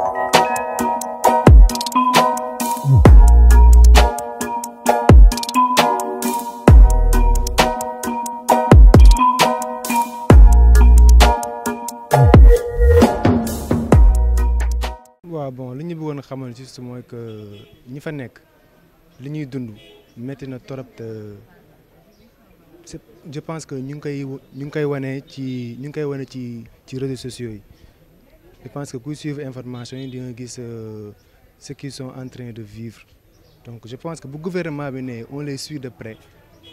waaw bon li ñu bëggoon xamal juste mooy que ñi fa nekk li ñuy dund métti na trop te je pense que ñu ngi koy ñu ngi koy wane ci ñu ngi koy wane ci ci réseaux sociaux yi je pense que kuy suivre information yi di nga gis euh, ce qu'ils sont en train de vivre donc je pense que bu gouvernement bi ne on les suit de près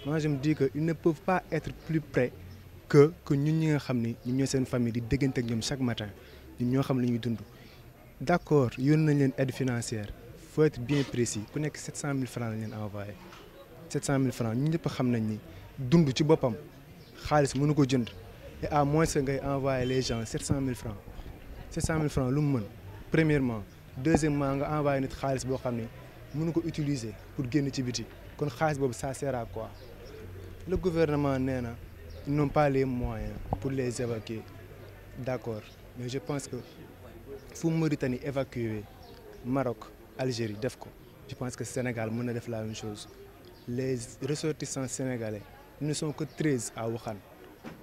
moi je me dis que ils ne peuvent pas être plus près que que ñun ñi nga xam ni ñun ñoo seen famille di déggante ak ñoom chaque matin ñun ñoo xam li ñuy dund d' accord yónn leen aide financière faut être bien précis ku nekk 700000 francs lañ leen envoyé 700000 francs ñun ñëpp xam nañ ni dund ci boppam xaalis mënu ko jënd et à moins que ngay envoyé les gens 700000 francs 700 000 francs lu mu mën premièrement deuxièmement nga envoyé nit xaalis boo xam ne mun ko utiliser pour génn ci biti kon xaalis boobu ça sert à quoi le gouvernement nee na ils n'ont pas les moyens pour les évacuer d'accord mais je pense que fu Mauritanie évacuer Maroc Algérie def ko je pense que Sénégal mën na def la même chose les ressortissants sénégalais ils ne sont que 13 à Wuhan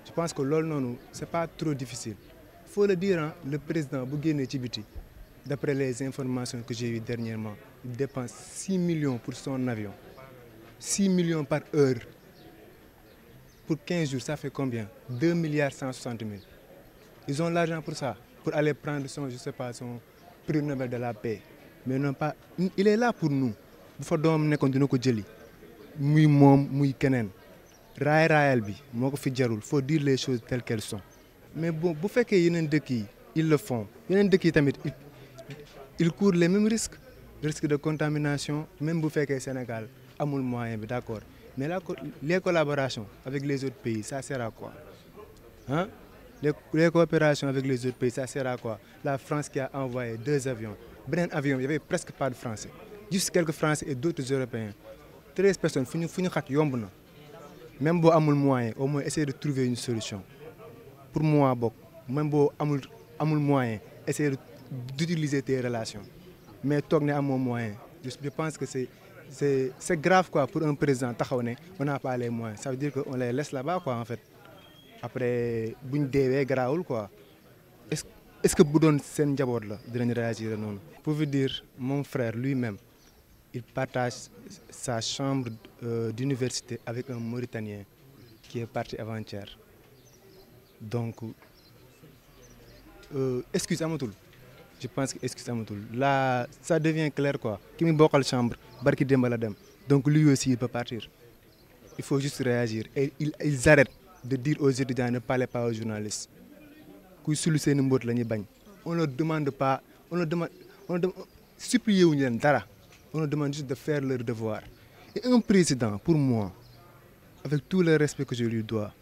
je pense que loolu noonu c'est pas trop difficile faut le dire le président bu génnee ci biti d'après les informations que j'ai eues dernièrement il dépense six millions pour son avion six millions par heure pour quinze jours ça fait combien deux milliards cent soixante mille ils ont l'argent pour ça pour aller prendre son je sais pas de la paix mais non pas il est là pour nous bu fa doomam nekkoon dina ko jëli muy moom muy keneen raay raayal bi moo ko fi jarul foo dire les choses telles qu'elles sont mais bon bu fekkee yeneen dëkk il le font yeneen dëkk tamit il courent les mêmes risques risque de contamination même bu fekkee Sénégal amul moyen bi d'accord mais la les collaborations avec les autres pays ça sert à quoi ah les les coopérations avec les autres pays ça sert à quoi la France qui a envoyé deux avions beneen avion y avait presque pas de Français juste quelques Français et d'autres Européens treize personnes fu ñu fu ñu xat yomb na même boo amul moyen au moins essayer de trouver solution. pour moi bokk man boo amul amul moyen essayer d'utiliser tes relations mais toog ne amoo moyen je pense que c'est c'est c'est grave quoi pour un président taxaw ne on n'a pas les moyens ça veut dire que on les laisse là-bas en fait après bu ñu deewee garaawul quoi est-ce est-ce que bu doon seen njaboot la dinañ réagir noonu. pour vous dire mon frère lui-même il partage sa chambre euh, d'université avec un Mauritanien qui est parti avant donc euh, excuse amatul je pense que excuse amatul là ça devient clair quoi ki mu bokkal chambre barki démb la dem donc lui aussi il peut partir il faut juste réagir et ils ils de dire aux étudiants ne parlez pas aux journalistes ku sul seen mboot la ñuy bañ on ne demande pas on ne demande on supplier wuñu leen dara on leur demande juste de faire leur devoir et un président pour moi avec tout les respect que je lui dois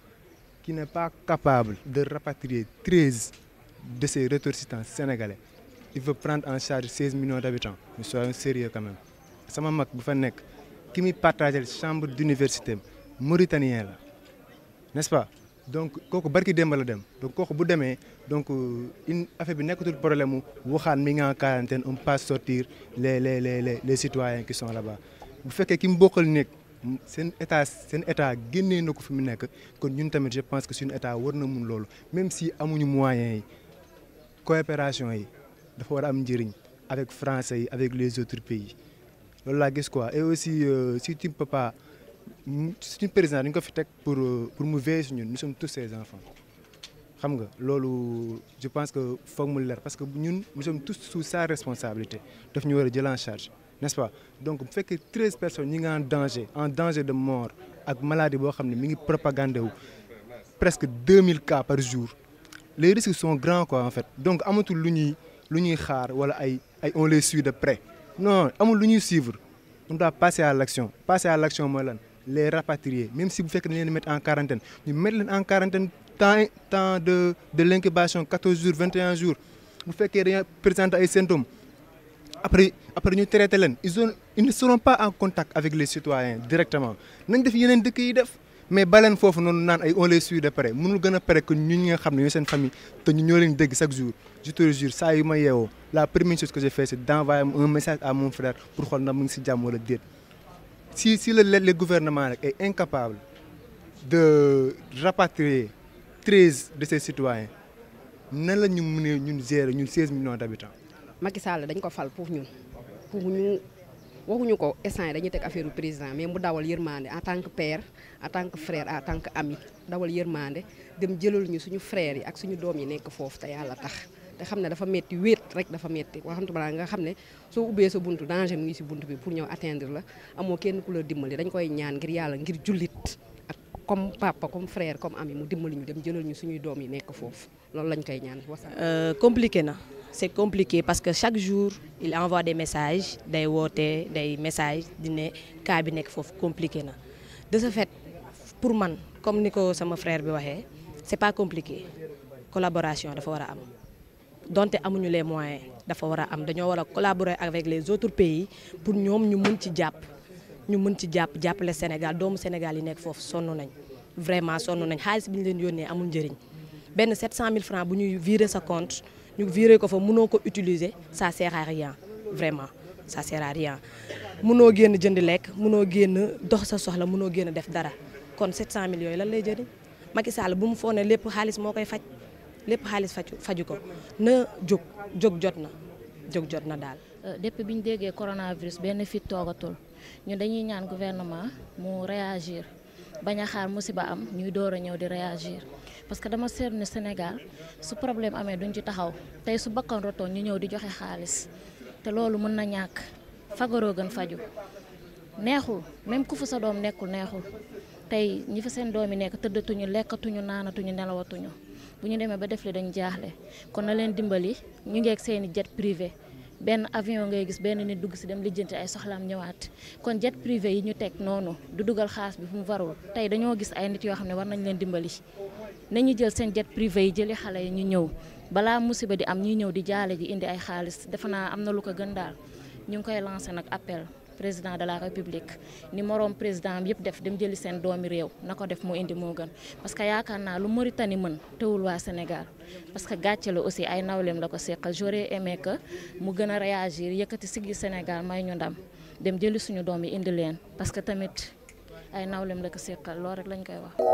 qui n'est pas capable de rapatrier 13 de ses ressortissants sénégalais il veut prendre en charge 16 millions d'habitants mais soyons sérieux quand même sama mag bu fa nekk ki muy partagé chambre d'université mauritanien la n'est-ce pas donc kooku barki démb dem donc kooku bu demee donc euh, une affaire bi nekkatul problème mu waxaan mi nga en quarantaine on passe sortir les le les les les citoyens qui sont là bu fekkee ki mu nekk seen état seen état génnee na ko fi mu nekk kon ñun tamit je pense que suñu état war na mun loolu même si amuñu moyens yi coopération yi dafa war a am njëriñ avec français yi avec les autres pays loolu la gis quoi et aussi euh, si tu si peux pas suñu président dañ ko fi teg pour euh, pour mu veiller si ñun nous sommes tous ses enfants xam nga loolu je pense que foog leer parce que ñun nous sommes tous sous sa responsabilité daf ñu war a jël en charge. n'est-ce pas donc bu fekkee treize personnes ñi ngi en danger en danger de mort ak maladie boo xam ne mi ngi propagandé wu presque deux mille cas par jour les risques sont grands quoi en fait donc amatul lu ñuy lu ñuy xaar wala ay ay on les suit de près non amul lu ñuy suivre on doit passer à l'action passer à l'action mooy lan les rapatrier même si bu fekkee dañ leen en quarantaine ñu mettre leen en quarantaine temps temps de de l'incubation quatorze jours vingt et un jours bu fekkee dañoo présenter ay symptômes après après ñu traité leen ils ont ils ne seront pas en contact avec les citoyens directement nañ def yeneen dëkk yi def mais ba leen foofu noonu naan ay on les suit de près mënul gën a près que ñun ñi nga xam ne ñooy seen famille te ñu ñoo leen dégg chaque jour je te jure saa yu ma yeewoo la première chose que j'ai fait c'est d'envoyer un message à mon frère pour xool na mu ngi si jàmm wala déet si si le le gouvernement rek est incapable de rapatrier treize de ses citoyens nan la ñu mënee ñun gérer ñun seize millions Macky Sall dañ ko fal pour ñun pour ñu waxuñu ko instant yi dañuy teg affaire président mais mu dawal yërmande à tant que père en tant que frère en tant que ami dawal yërmande dem jëlal ñu suñu frères yi ak suñu doom yi nekk foofu te yàlla tax te xam ne dafa metti rek dafa metti waxantuma nga xam ne soo ubbee sa buntu danger mu ngi si buntu bi pour ñëw atteindre la amoo kenn ku la dimbali dañ koy ñaan ngir yàlla ngir jullit ak comme papa comme frère comme ami mu dimbali ñu dem jëlal ñu suñu doom yi nekk foofu loolu lañ koy ñaan. Euh, compliqué na. c'est compliqué parce que chaque jour il envoie des message day woote day message di ne bi nekk foofu compliqué na de ce fait pour man comme ni ko sama frère bi waxee c'est pas compliqué collaboration dafa war a am donte amuñu les moyen dafa war a am dañoo war a collaborer avec les autres pays pour ñoom ñu mën ci jàpp ñu mën ci jàpp jàppale Sénégal doomu Sénégal yi nekk foofu sonn nañ vraiment sonn nañ xaalis bi ñu leen yónnee amul njëriñ benn 700000 francs bu ñuy virer sa compte ñu viré ko fa munoo ko utiliser ça sert à vraiment ça sert à rien génn jënd lekk munoo génn dox sa soxla mënoo génn def dara kon 700 millions yooyu lan lay jëriñ Macky Sall bu mu foo ne lépp xaalis moo koy faj lépp xaalis faju faju ko na jóg jóg jot na jóg jot na daal. Euh, depuis bi ñu déggee coronavirus benn fit toogatul ñu dañuy ñaan gouvernement mu réagir bañ a xaar musiba am ñuy door a ñëw di réagir. parce que dama seetlu ne Sénégal su problème amee duñ ci taxaw tey su bakkan rotoon ñu ñëw di joxe xaalis te loolu mën na ñàkk fagaroo gën faju neexul même ku fa sa doom nekkul neexul tey ñi fa seen doom yi nekk tëddatuñu lekkatuñu naanatuñu nelawatuñu bu ñu demee ba def li dañ jaaxle kon na leen dimbali ñu ngeeg seeni jet privé benn avion ngay gis benn nit dugg si dem lijjanti ay soxlaam ñëwaat kon jet privé yi ñu teg noonu du dugal xaalis bi fu mu warul tey dañoo gis ay nit yoo xam ne war nañ leen dimbali ñu jël seen jet privé yi jëli xale yi ñu ñëw balaa musiba di am ñuy ñëw di jaale ji indi ay xaalis defe naa am na lu ko gën daal ñu ngi koy lancé nag appel président de la république ni moroom président bi yëpp def dem jëli seen doomi réew na ko def moo indi moo gën parce que yaakaar naa lu Mauritanie mën tëwul waa Sénégal parce que gàcce la aussi ay nawleem la ko seqal j'aurais aimé que mu gën a réagir yëkkati siggi Sénégal may ñu ndam dem jëli suñu doom yi indi leen parce que tamit ay nawleem la ko seqal loolu rek lañ koy wax.